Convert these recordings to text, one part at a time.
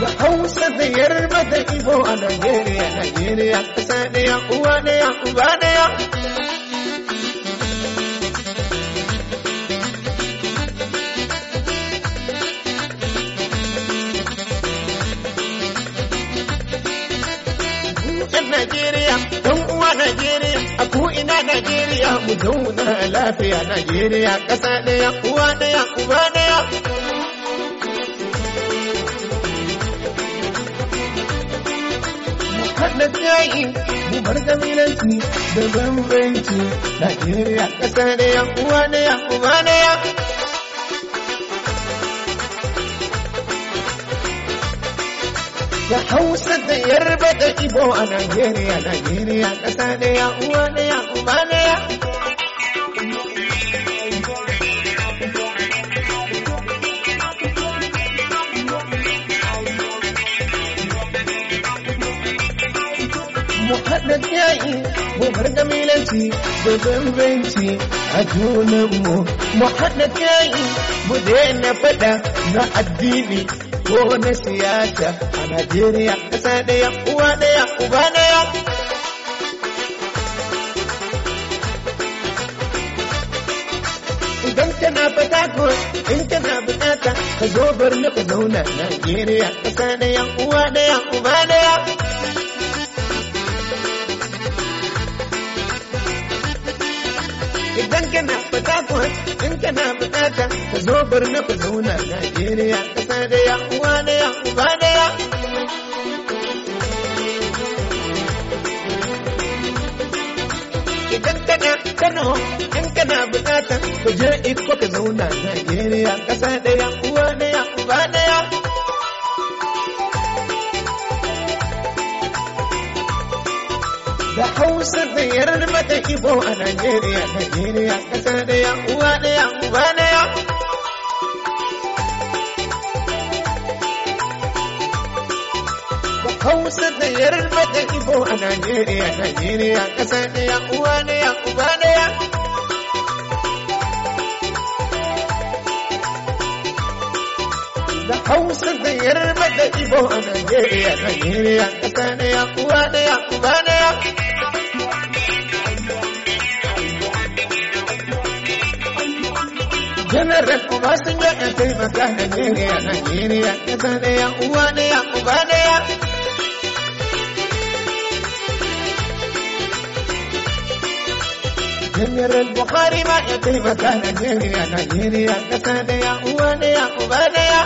da hausa da yarba da ibo a Najeriya, Najeriya ƙasa ɗaya uwa ɗaya uba ɗaya. Najeriya, don uwa Najeriya, a ko'ina Najeriya, mu zauna lafiya Najeriya, ƙasa ɗaya, uwa ɗaya, uba ɗaya. na tsayi mu bar kabilanci da bambanci Najeriya ƙasa da ya uwa da ya uba da ya Da Hausa da Yarba da Ibo a Najeriya, Najeriya ƙasa da ya uwa da ya uba da ya da kiyayi mu bar gamilanci da bambanci a junanmu mu haɗa kiyayi mu daina faɗa na addini ko na siyasa a Najeriya ƙasa ɗaya uwa ɗaya uba ɗaya. Idan kana fata ko in kana bukata ka zo bar na ku zauna Najeriya ƙasa ɗaya uwa ɗaya uba ɗaya. idan na fita kuwa in kana bukata ka zo barna ku zauna Najeriya kasa da ya uwa da ya uba da ya. Idan kana Kano in kana bukata ku je iko ka zauna Najeriya kasa da ya uwa da ya uba da ya. hausa da yarba da ibo a Najeriya, Najeriya ƙasa ɗaya, uwa ya uba ɗaya. Hausa da yarba da ibo a Najeriya, Najeriya ƙasa ɗaya, uwa ɗaya, uba ɗaya. Da Hausa da yarba da ibo a Najeriya, Najeriya ƙasa ɗaya, uwa ɗaya, ya ɗaya. general obasanjo ya taimaka najeriya najeriya ƙasa ɗaya uwa ɗaya uba ɗaya general buhari ma ya taimaka najeriya najeriya ƙasa ɗaya uwa ɗaya uba ɗaya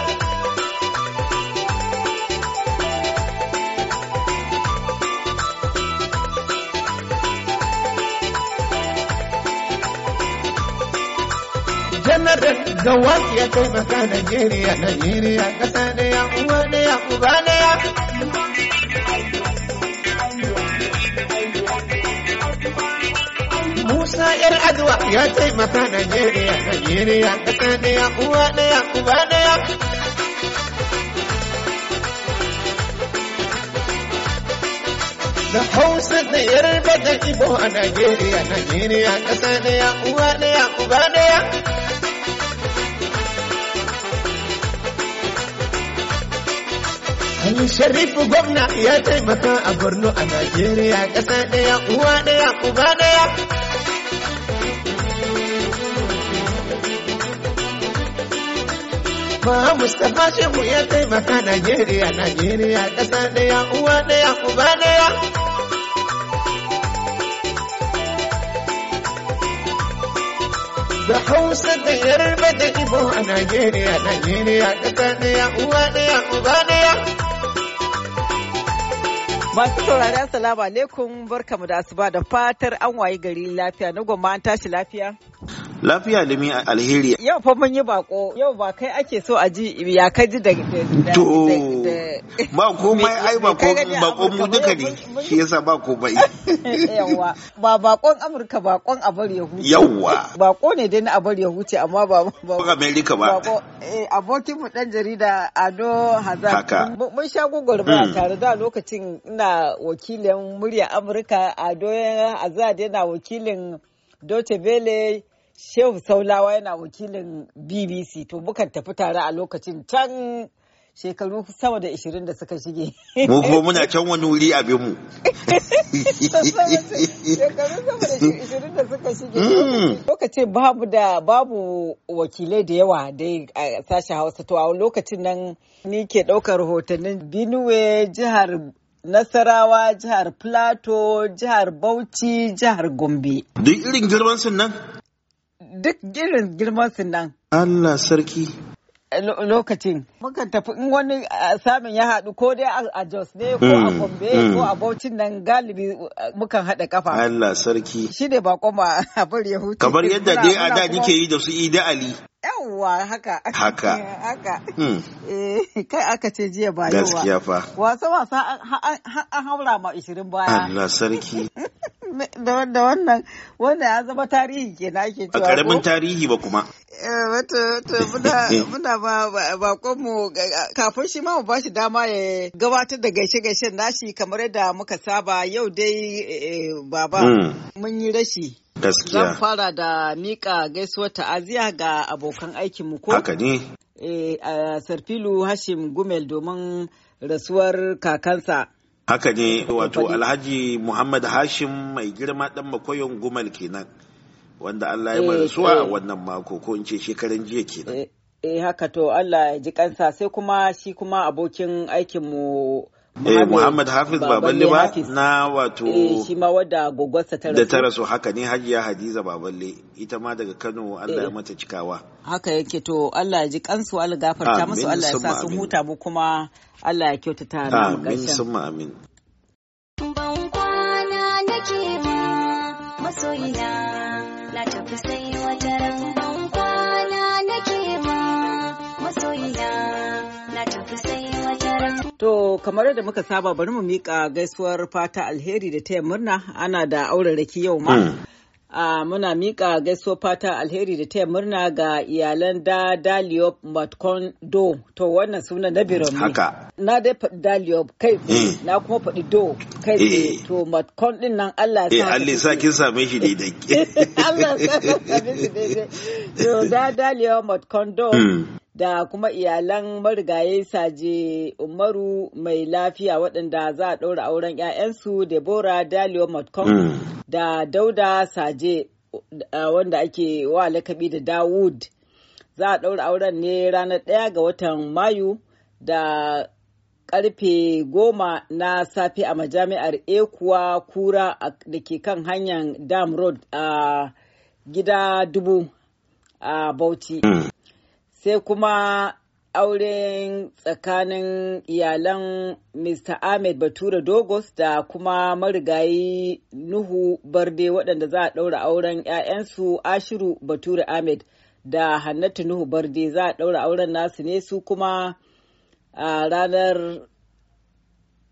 Jonathan Gawat ya taimaka Najeriya, Najeriya ƙasa ɗaya, uwa ɗaya, uba ya. Musa ‘yar Adwa ya taimaka Najeriya, Najeriya ƙasa ya uwa ɗaya, uba ɗaya. da hausa da yarba da ibo a Najeriya, Najeriya ƙasa ɗaya, uwa ɗaya, uba ya. Ali Sharifu gwamna ya taimaka a Borno a Najeriya ƙasa ɗaya uwa ɗaya uba ɗaya. Ma Mustapha Shehu ya taimaka Najeriya Najeriya ƙasa ɗaya uwa ɗaya uba ɗaya. da hausa da yarba da ibo a Najeriya, Najeriya ƙasa ɗaya, uwa ɗaya, uba ɗaya. Masu saurari assalamu alaikum barkamu da asuba da fatar an wayi gari lafiya na gwamma an tashi lafiya. lafiya limi alheri yau fa mun yi bako yau ba kai ake so a ji ya kai ji da to ba komai ai ba ko bako mu duka ne shi yasa ba komai yawa ba bakon amurka bakon abar ya huce yawa bako ne dai na abar ya huce amma ba ba Amerika ba eh, abokin mu dan jarida ado hazan mun sha ba hmm. tare da lokacin ina wakilin murya amurka ado hazard yana wakilin Dote Vele Shehu Saulawa yana wakilin BBC to bukan tafi tare a lokacin can shekaru sama da 20 da suka shige. Mu muna can wani wuri a mu. Shekaru sama da da suka shige. Lokacin mm. babu da babu wakilai da yawa dai a sashen Hausa to a lokacin nan ni ke ɗaukar rahotannin Binuwe jihar Nasarawa, jihar Plateau, jihar Bauchi, jihar Gombe. Duk irin girman sun nan? duk girin girman su nan. Allah sarki. Lokacin. Mukan tafi in wani samun ya haɗu ko dai a Jos ne ko a Bombe hmm, hmm. ko a Bauchin nan galibi uh, mukan haɗa kafa. Allah sarki. Shi ne bakon ma a bar ya Kamar yadda dai a da nike yi da su Ida Ali. yawwa haka haka haka hmm. eh, kai aka ce jiya ba yawwa gaskiya fa wasa wasa an haura ma 20 baya Allah sarki da wannan wannan ya zama tarihi na ake cewa a karamin tarihi ba kuma eh, wato muna muna ba bakonmu kafin shi ma mu ba shi dama ya gabatar da gaishe-gaishen nashi kamar yadda muka saba yau dai eh, baba hmm. mun yi rashi Gaskiya. Zan fara da mika gaisuwar aziya ga abokan aikinmu ko? Haka ne. Eh, a Sarfilu Hashim Gumel domin rasuwar kakansa. Haka ne wato Alhaji Muhammad Hashim mai girma dan makoyon Gumel kenan. Wanda Allah ya eh, rasuwa a eh. wannan mako ko in ce shekaran jiya kenan. Eh, eh haka to Allah ya ji kansa sai kuma shi kuma abokin aikinmu eh Muhammad Hafiz Baballe ba na wato eh shi ma wadda gogwarsa ta rasu da ta rasu haka ne Hajiya Hadiza Baballe ita ma daga Kano Allah ya eh. mata cikawa haka yake to Allah ya ji kansu Allah gafarta musu Allah ya sa su huta mu kuma Allah ya kyautata mu amin summa amin ban kwana nake ba masoyina na tafi sai wata ran To kamar yadda muka saba bari mu mika gaisuwar fata alheri da taya murna ana da raki yau ma. Hmm. muna mika gaisuwar fata alheri da taya murna ga iyalan da Daliop Matkondo to wannan suna na biron Haka. Na dai faɗi Daliop kai hmm. na kuma faɗi do kai eh. to Matkon din nan Allah ya eh, sa. Allah sa kin same shi daidai. Allah ya sa kin same shi daidai. To da Daliop Matkondo hmm. da kuma iyalan marigaye saje umaru mai lafiya waɗanda za a ɗaura auren 'ya'yansu deborah dalio matcom mm. da dauda saje wanda ake wa lakabi da dawud za a ɗaura auren ne ranar ɗaya ga watan mayu da karfe goma na safe a majami'ar ekuwa kura da ke kan hanyar dam road a gida dubu a bauchi mm. sai kuma auren tsakanin iyalan Mr. Ahmed Bature Dogos da kuma marigayi Nuhu Barde waɗanda za a ɗaura auren 'ya'yansu Ashiru Bature Ahmed da Hannatu Nuhu Barde za a ɗaura auren nasu ne su kuma a ranar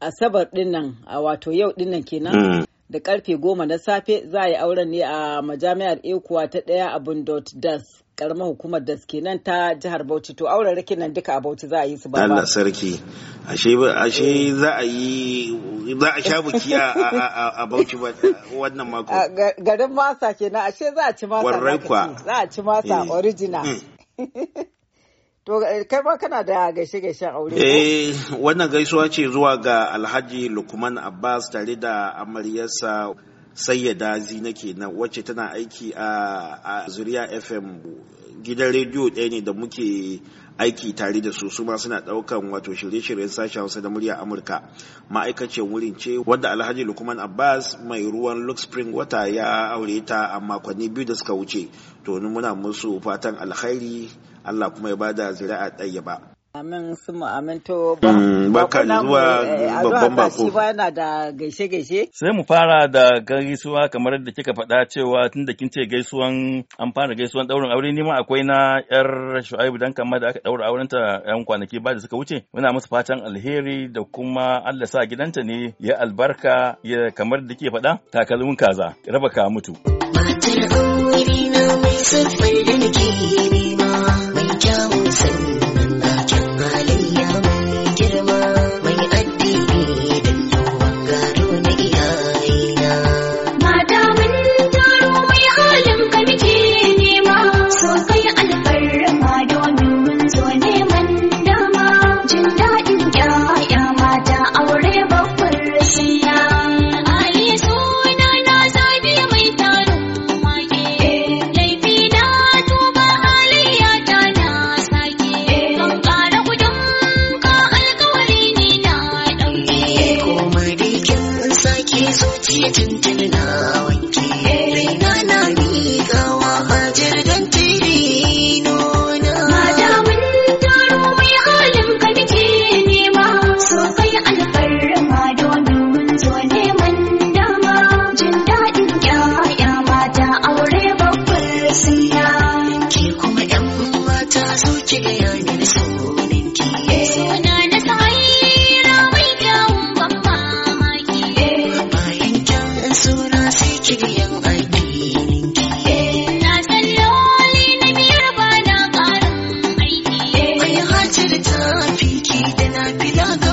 Asabar dinnan a wato yau dinnan kenan. Mm. Da karfe goma na safe za a yi auren ne a majami'ar Ekuwa ta ɗaya a Bundot Das. karamar hukumar da suke nan ta jihar Bauchi to aure rakin nan duka a Bauchi za a yi su ba Allah sarki ashe ashe za a yi za a sha buki a Bauchi wannan mako garin masa kenan ashe za a ci masa za a ci masa eh. original hmm. To eh, kai ma kana da gaishe-gaishen aure Eh wannan gaisuwa ce zuwa ga Alhaji Lukman Abbas tare da amaryarsa sai sayyada zina kenan wacce tana aiki a zuriya fm gidan rediyo ɗaya ne da muke aiki tare da su su ma suna ɗaukan wato shirye-shiryen sashen hausa da murya amurka ma'aikacin wurin ce wanda alhaji lukman abbas mai ruwan luke spring wata ya aure ta a makonni biyu da suka wuce to muna musu fatan alkhairi allah kuma ya bada zuri'a ɗaya ba Amin su mu aminto baka mm, zuwa eh, eh, babban bako. Ba na da gaishe-gaishe. Sai mu fara da gaisuwa kamar da kika faɗa cewa tun da kin ce gaisuwan an fara gaisuwan ɗaurin aure ni ma akwai na yar Shu'aibu dan kama da aka ɗaura aurenta yan kwanaki ba da suka wuce. Muna musu fatan alheri da kuma Allah sa gidanta ne ya albarka ya kamar da ke faɗa takalmin kaza raba ka mutu. Matar aure na mai siffar da nake nema mai kyawun sani.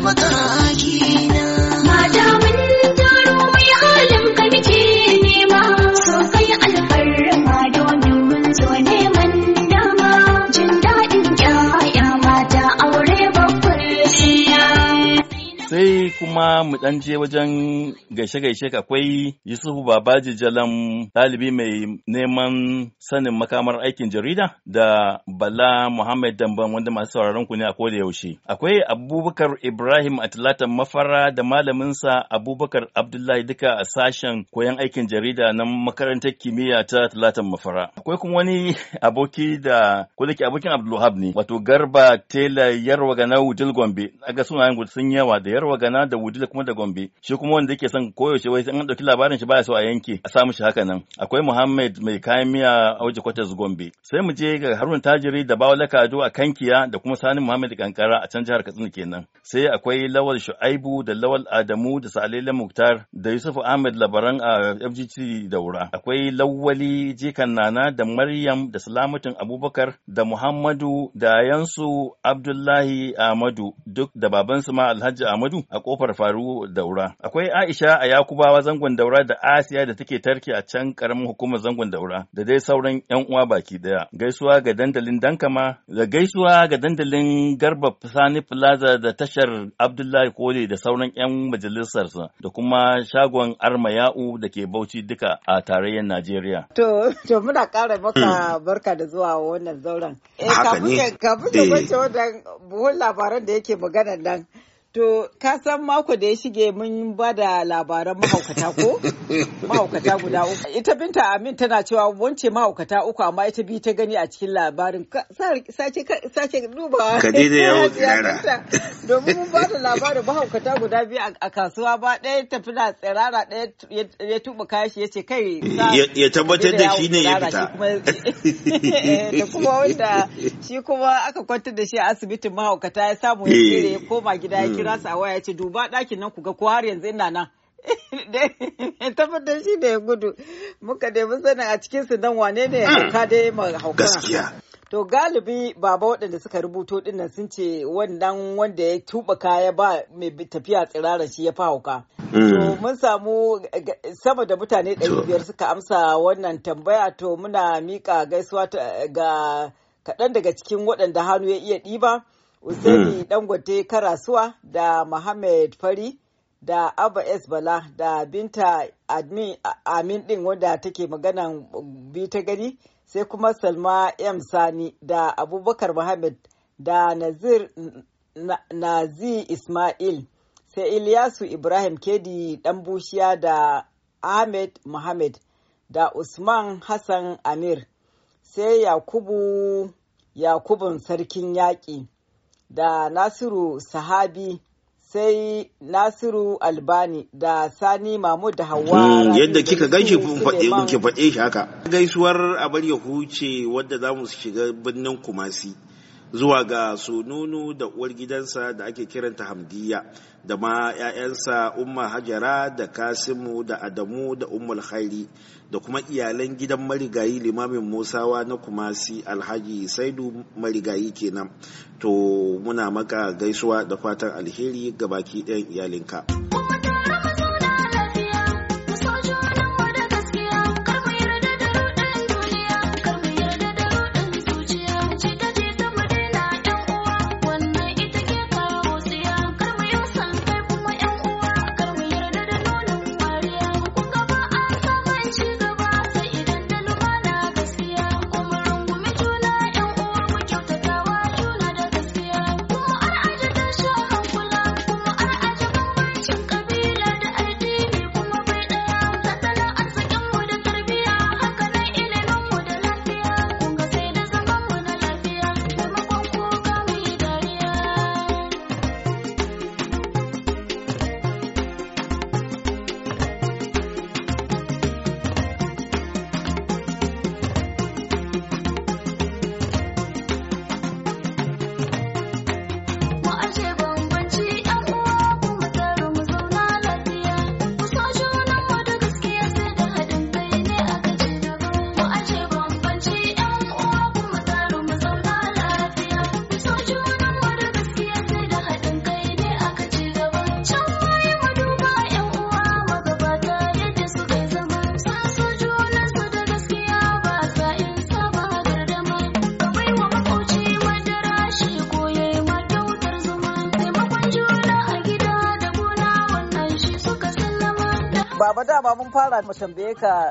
mata ma mu dan je wajen gaishe-gaishe akwai Yusuf Babaji Jalam ɗalibi mai neman sanin makamar aikin jarida da Bala Muhammad Damban wanda masu sauraron ku ne a koda yaushe. Akwai Abubakar Ibrahim Atlatan Mafara da malaminsa Abubakar Abdullahi duka a sashen koyon aikin jarida na makarantar kimiyya ta Atlatan Mafara. Akwai kuma wani aboki da ko abokin Abdulwahab ne wato Garba Tela Yarwa Ganau Dil Gombe. Aga sunayen sun yawa da Yarwa Gana da Wudila kuma da Gombe shi kuma wanda yake son koyaushe wai an dauki labarin shi baya so a yanke a samu shi haka nan akwai Muhammad mai kayan miya Auji Kwatas Gombe sai mu je ga Haruna Tajiri da Bawala Kado a Kankiya da kuma Sani Muhammad Kankara a can jihar Katsina kenan sai akwai Lawal Shu'aibu da Lawal Adamu da Salele Muktar da Yusuf Ahmed Labaran a FGT Daura akwai Lawali Jikan Nana da Maryam da Salamatin Abubakar da Muhammadu da Yansu Abdullahi Ahmadu duk da babansu ma Alhaji Ahmadu a kofar faru daura. Akwai Aisha a Yakubawa zangon daura da Asiya da take tarki a can karamin hukumar zangon daura da dai sauran 'yan uwa baki daya. Gaisuwa ga dandalin Dankama da gaisuwa ga dandalin Garba Sani Plaza da tashar Abdullahi Kole da sauran 'yan majalisarsa da kuma shagon Arma Ya'u da ke Bauchi duka a tarayyar Najeriya. To, to muna ƙara maka barka da zuwa wannan zauren. Eh, kafin ka bace eh. wannan buhun labaran da yake magana nan. To, ka san mako da ya shige mun ba da labaran mahaukata ko? Mahaukata guda uku. Ita binta Amin tana cewa wance mahaukata uku amma ita bi ta gani a cikin labarin. Sace duba. Kadida ya tsirara. Domin mun ba da labarin mahaukata guda biyu a kasuwa ba ɗaya tafi na tsirara ɗaya ya tuba kashi ya ce kai. Ya tabbatar da shi ne ya fita. Da kuma wanda shi kuma aka kwantar da shi a asibitin mahaukata ya samu ya eh. koma gida ya mm. kira su a waya ce duba ɗakin nan ku ga ko har yanzu ina nan tabbatar shi ya gudu muka nemi sani a cikin su nan wane ne hauka dai ma hauka gaskiya to galibi baba waɗanda suka rubuto dinnan sun ce wannan wanda ya tuba kaya ba mai tafiya tsirara shi ya fa hauka hmm. to mun samu sama da mutane ɗari biyar suka amsa wannan tambaya to muna mika gaisuwa ga kaɗan daga cikin waɗanda hannu ya iya ɗiba Usaini hmm. Dangote Karasuwa da Muhammad Fari da Abba S. da Binta Amin din wanda take magana bi ta gani sai kuma Salma M. Sani da Abubakar Muhammad da Nazir Nazi Ismail sai Ilyasu Ibrahim Kedi bushiya da Ahmed Muhammad da Usman Hassan Amir sai Yakubu Yakubun Sarkin Yaƙi. da Nasiru Sahabi sai Nasiru Albani da Sani Mahmud hmm, da Hawa. Yadda kika ganshi kuke faɗe shi haka. Gaisuwar abar ya huce wadda za mu shiga birnin Kumasi. zuwa ga sununu da uwar gidansa da ake kiranta hamdiya da ma 'ya'yansa umma hajara da kasimu da adamu da umar khairi da kuma iyalan gidan marigayi limamin musawa na kumasi alhaji saidu marigayi kenan to muna maka gaisuwa da fatan alheri ga baki ɗayan iyalinka. Baba dama mun fara mu tambaye ka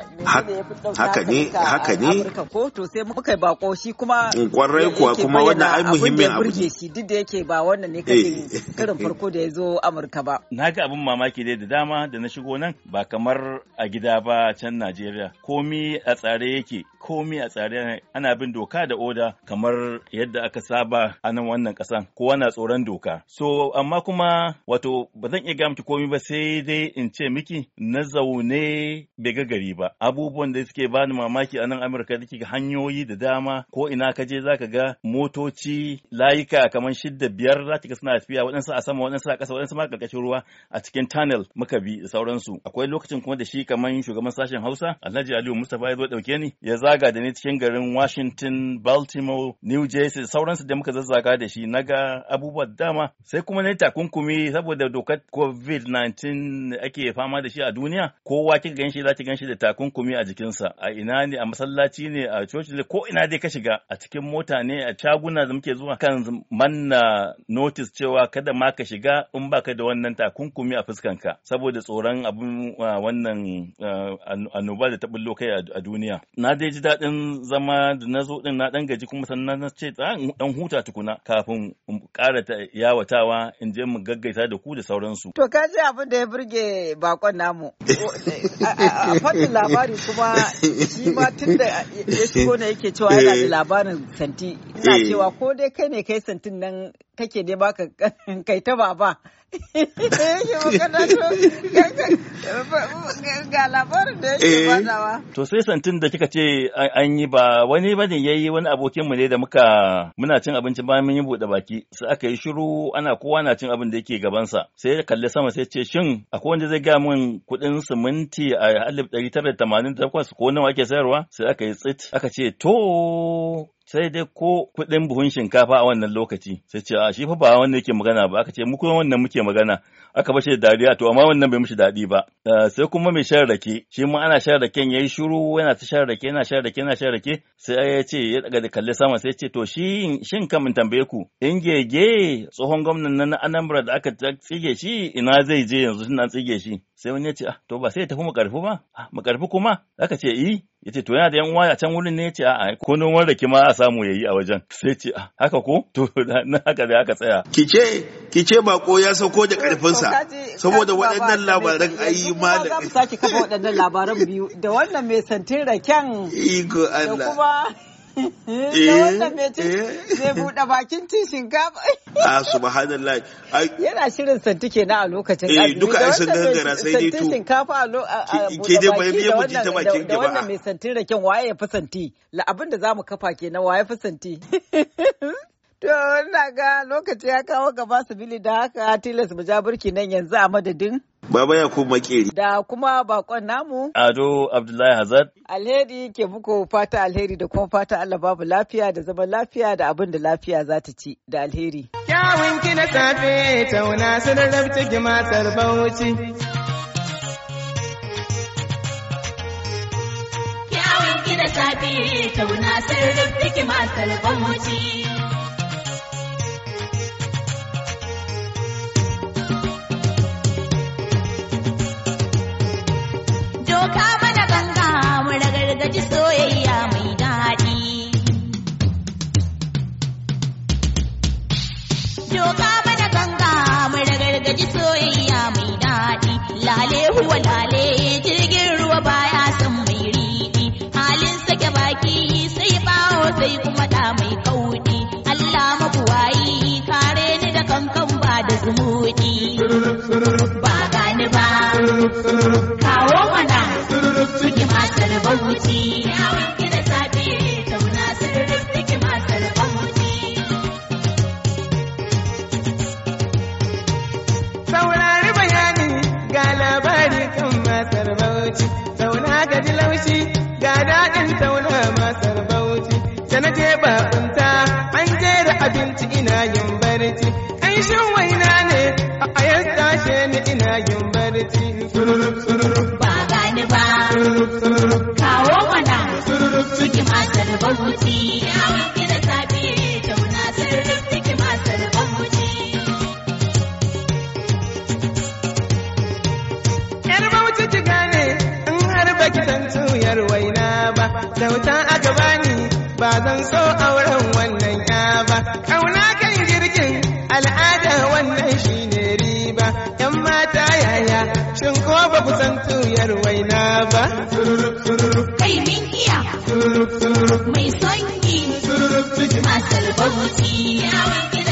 ya fi dauka haka ne haka ne ko to sai muka bako shi kuma kwarai mm, kuwa kuma wannan ai muhimmin abu ne shi duk da yake ba wannan ne kake eh. karin farko da ya zo Amurka ba. Na ga abin mamaki dai da dama da na shigo nan ba kamar a gida ba can Najeriya komi a tsare yake komi a tsare ana bin doka da oda kamar yadda aka saba a nan wannan kasan kowa na tsoron doka so amma kuma wato ba zan iya ga miki komi ba sai dai in ce miki na zaune bai ga gari ba abubuwan da suke bani mamaki a nan amurka da hanyoyi da dama ko ina ka je zaka ga motoci layuka kamar shidda biyar za ga suna tafiya waɗansu a sama waɗansu a ƙasa waɗansu ma ƙarƙashin ruwa a cikin tunnel muka bi da sauransu akwai lokacin kuma da shi kamar shugaban sashen hausa alhaji aliyu mustapha ya zo ɗauke ni ya zaga da ni cikin garin washington baltimore new jersey da sauransu da muka zazzaga da shi na ga abubuwa dama sai kuma na takunkumi saboda dokar covid-19 ake fama da shi a duniya duniya kowa kika ganshi za ki ganshi da takunkumi a jikinsa a ina ne a masallaci ne a coci ne ko ina dai ka shiga a cikin mota ne a caguna da muke zuwa kan manna notice cewa kada ma ka shiga in baka da wannan takunkumi a ka. saboda tsoron abin wannan annoba da ta bullo kai a duniya na dai ji daɗin zama da na zo din na dan gaji kuma sannan na ce dan huta tukuna kafin in ƙara ta yawatawa in je mu gaggaita da ku da sauransu to ka ji abin da ya burge bakon namu a fannin labari kuma shi ma tun da ya shigo na yake cewa yana da eh. labarin santi ina eh. cewa ko dai kai ne kai santin nan kake dai baka kai ta baba ga da eh. To sai santin da kika ce an yi ba wani bane ya yi wani abokinmu ne da muka muna cin abinci bayan mun yi buɗe baki sai aka yi shiru ana kowa na cin abin da yake gabansa sai ya kalli sama sai ce shin akwai wanda zai gaya min kuɗin siminti a alif ɗari tara da tamanin da takwas ko nawa ake sayarwa sai aka yi tsit aka ce to sai dai ko kuɗin buhun shinkafa a wannan lokaci sai ce a shi fa ba wanda yake magana ba aka ce mu kuma wannan muke magana aka bashi da dariya to amma wannan bai mishi daɗi ba eh, sai kuma mai shan rake shi ma ana shan raken yayi shiru yana ta shan rake yana shan rake yana shan rake sai ya ce ya daga da kalle sama sai ya ce to shi shin kamin tambaye ku in gege tsohon gwamnan nan na Anambra da aka tsige shi ina zai je yanzu tun an tsige shi sai wani ya ce ah to ba sai ya tafi makarfi ba ah, makarfi kuma aka ce yi eh. ya ce to yana da yan uwa a can wurin ne ya ce a ko noman rake ma a samu ya yi a wajen sai ce ah, haka ko to na haka da aka tsaya ki ce ki ce bako ya sauko da karfinsa saboda waɗannan labaran ayi ma da saki kafa waɗannan labaran biyu da wannan mai santin raken iko Allah da kuma Eh, eh, wannan eh zai buɗe bakin cin shinkafa a ah, subhanallah yana shirin santi na a lokacin eh, azumi duka ai sun na sai dai to shinkafa a ke dai da wannan mai santi raken waye ya fi santi la abin da zamu kafa kenan waye fi santi To, ina ga lokaci ya kawo gaba su bili da haka tilas mu ja burki nan yanzu a madadin. Baba ya kuma makeri. Da kuma bakon namu. Ado Abdullahi Hazard. Alheri ke muku fata alheri da kuma fata Allah babu lafiya da zaman lafiya da abin da lafiya za ta ci da alheri. Kyawun na safe tauna sun rabci gimatar bauchi. Kyawun na safe tauna sun rabci gimatar bauchi. yi kare ni da kankan ba da zumuɗi ba gani ba kawo mana suke matar bauci. tashi ina yin barci ƙanshin waina ne a ya tashe ni ina yin barci ba gani ba kawo mana ciki ma babuti yawon yar gane tuyar waina ba sauta a gabani ba zan so auren wannan riba kauna kan girkin al'ada wannan shine riba yan mata yaya shin ko ba ku san tuyar waina ba kai min iya mai son ki masu